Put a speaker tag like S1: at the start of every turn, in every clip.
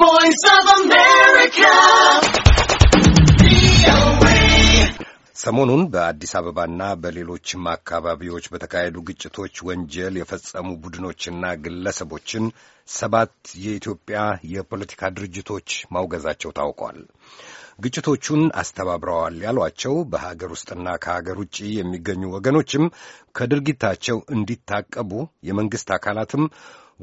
S1: voice of America.
S2: ሰሞኑን በአዲስ አበባና በሌሎችም አካባቢዎች በተካሄዱ ግጭቶች ወንጀል የፈጸሙ ቡድኖችና ግለሰቦችን ሰባት የኢትዮጵያ የፖለቲካ ድርጅቶች ማውገዛቸው ታውቋል። ግጭቶቹን አስተባብረዋል ያሏቸው በሀገር ውስጥና ከሀገር ውጭ የሚገኙ ወገኖችም ከድርጊታቸው እንዲታቀቡ የመንግሥት አካላትም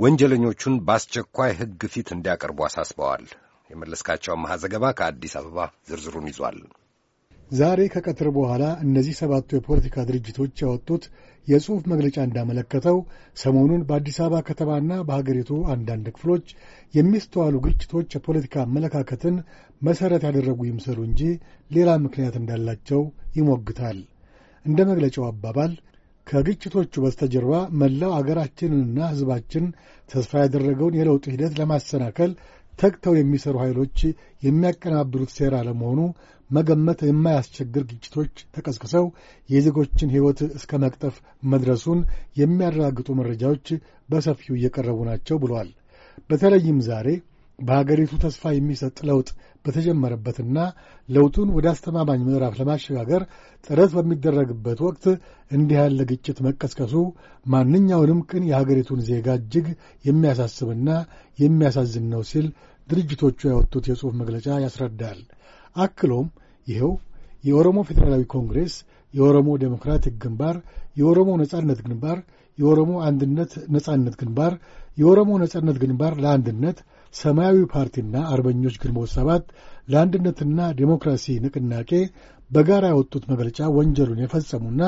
S2: ወንጀለኞቹን በአስቸኳይ ሕግ ፊት እንዲያቀርቡ አሳስበዋል። የመለስካቸው አመሃ ዘገባ ከአዲስ አበባ ዝርዝሩን ይዟል።
S1: ዛሬ ከቀትር በኋላ እነዚህ ሰባቱ የፖለቲካ ድርጅቶች ያወጡት የጽሑፍ መግለጫ እንዳመለከተው ሰሞኑን በአዲስ አበባ ከተማና በሀገሪቱ አንዳንድ ክፍሎች የሚስተዋሉ ግጭቶች የፖለቲካ አመለካከትን መሠረት ያደረጉ ይምሰሉ እንጂ ሌላ ምክንያት እንዳላቸው ይሞግታል። እንደ መግለጫው አባባል ከግጭቶቹ በስተጀርባ መላው አገራችንንና ሕዝባችን ተስፋ ያደረገውን የለውጥ ሂደት ለማሰናከል ተግተው የሚሰሩ ኃይሎች የሚያቀናብሩት ሴራ ለመሆኑ መገመት የማያስቸግር ግጭቶች ተቀስቅሰው የዜጎችን ሕይወት እስከ መቅጠፍ መድረሱን የሚያረጋግጡ መረጃዎች በሰፊው እየቀረቡ ናቸው ብሏል። በተለይም ዛሬ በሀገሪቱ ተስፋ የሚሰጥ ለውጥ በተጀመረበትና ለውጡን ወደ አስተማማኝ ምዕራፍ ለማሸጋገር ጥረት በሚደረግበት ወቅት እንዲህ ያለ ግጭት መቀስቀሱ ማንኛውንም ቅን የሀገሪቱን ዜጋ እጅግ የሚያሳስብና የሚያሳዝን ነው ሲል ድርጅቶቹ ያወጡት የጽሑፍ መግለጫ ያስረዳል። አክሎም ይኸው የኦሮሞ ፌዴራላዊ ኮንግሬስ፣ የኦሮሞ ዴሞክራቲክ ግንባር፣ የኦሮሞ ነጻነት ግንባር፣ የኦሮሞ አንድነት ነጻነት ግንባር፣ የኦሮሞ ነጻነት ግንባር ለአንድነት፣ ሰማያዊ ፓርቲና አርበኞች ግንቦት ሰባት ለአንድነትና ዴሞክራሲ ንቅናቄ በጋራ ያወጡት መግለጫ ወንጀሉን የፈጸሙና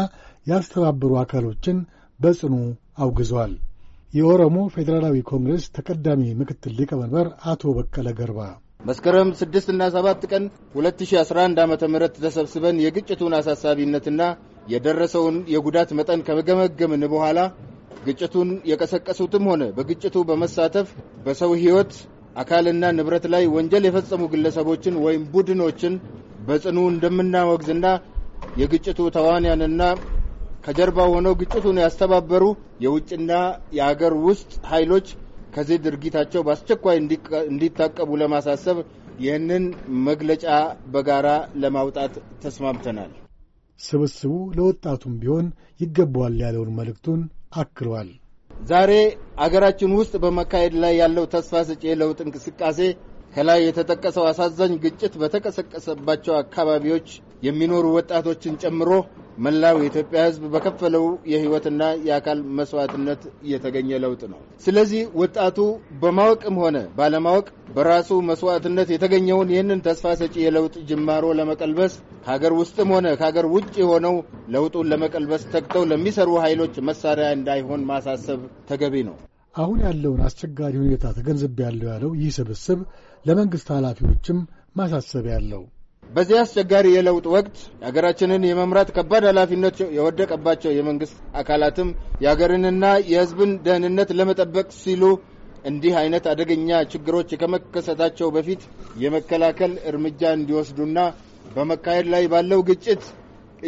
S1: ያስተባበሩ አካሎችን በጽኑ አውግዘዋል። የኦሮሞ ፌዴራላዊ ኮንግሬስ ተቀዳሚ ምክትል ሊቀመንበር አቶ በቀለ ገርባ
S3: መስከረም 6 እና 7 ቀን 2011 ዓ ም ተሰብስበን የግጭቱን አሳሳቢነትና የደረሰውን የጉዳት መጠን ከመገመገምን በኋላ ግጭቱን የቀሰቀሱትም ሆነ በግጭቱ በመሳተፍ በሰው ሕይወት አካልና ንብረት ላይ ወንጀል የፈጸሙ ግለሰቦችን ወይም ቡድኖችን በጽኑ እንደምናወግዝና የግጭቱ ተዋንያንና ከጀርባ ሆነው ግጭቱን ያስተባበሩ የውጭና የአገር ውስጥ ኃይሎች ከዚህ ድርጊታቸው በአስቸኳይ እንዲታቀቡ ለማሳሰብ ይህንን መግለጫ በጋራ ለማውጣት ተስማምተናል።
S1: ስብስቡ ለወጣቱም ቢሆን ይገባዋል ያለውን መልእክቱን አክሏል።
S3: ዛሬ አገራችን ውስጥ በመካሄድ ላይ ያለው ተስፋ ሰጪ የለውጥ እንቅስቃሴ ከላይ የተጠቀሰው አሳዛኝ ግጭት በተቀሰቀሰባቸው አካባቢዎች የሚኖሩ ወጣቶችን ጨምሮ መላው የኢትዮጵያ ሕዝብ በከፈለው የሕይወትና የአካል መስዋዕትነት የተገኘ ለውጥ ነው። ስለዚህ ወጣቱ በማወቅም ሆነ ባለማወቅ በራሱ መስዋዕትነት የተገኘውን ይህንን ተስፋ ሰጪ የለውጥ ጅማሮ ለመቀልበስ ከሀገር ውስጥም ሆነ ከሀገር ውጭ የሆነው ለውጡን ለመቀልበስ ተግተው ለሚሰሩ ኃይሎች መሳሪያ እንዳይሆን ማሳሰብ ተገቢ ነው።
S1: አሁን ያለውን አስቸጋሪ ሁኔታ ተገንዝቤያለሁ ያለው ይህ ስብስብ ለመንግሥት ኃላፊዎችም ማሳሰቢያ አለው።
S3: በዚህ አስቸጋሪ የለውጥ ወቅት የሀገራችንን የመምራት ከባድ ኃላፊነት የወደቀባቸው የመንግስት አካላትም የሀገርንና የህዝብን ደህንነት ለመጠበቅ ሲሉ እንዲህ አይነት አደገኛ ችግሮች ከመከሰታቸው በፊት የመከላከል እርምጃ እንዲወስዱና በመካሄድ ላይ ባለው ግጭት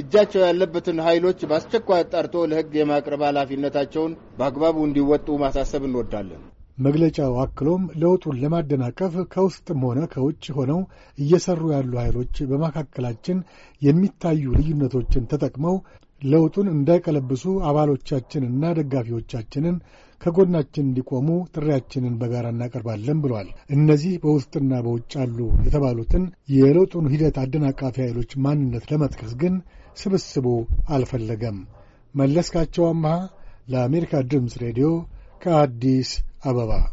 S3: እጃቸው ያለበትን ኃይሎች በአስቸኳይ አጣርቶ ለሕግ የማቅረብ ኃላፊነታቸውን በአግባቡ እንዲወጡ ማሳሰብ እንወዳለን።
S1: መግለጫው አክሎም ለውጡን ለማደናቀፍ ከውስጥም ሆነ ከውጭ ሆነው እየሰሩ ያሉ ኃይሎች በመካከላችን የሚታዩ ልዩነቶችን ተጠቅመው ለውጡን እንዳይቀለብሱ አባሎቻችንና ደጋፊዎቻችንን ከጎናችን እንዲቆሙ ጥሪያችንን በጋራ እናቀርባለን ብሏል። እነዚህ በውስጥና በውጭ አሉ የተባሉትን የለውጡን ሂደት አደናቃፊ ኃይሎች ማንነት ለመጥቀስ ግን ስብስቡ አልፈለገም። መለስካቸው አምሃ ለአሜሪካ ድምፅ ሬዲዮ ከአዲስ አበባ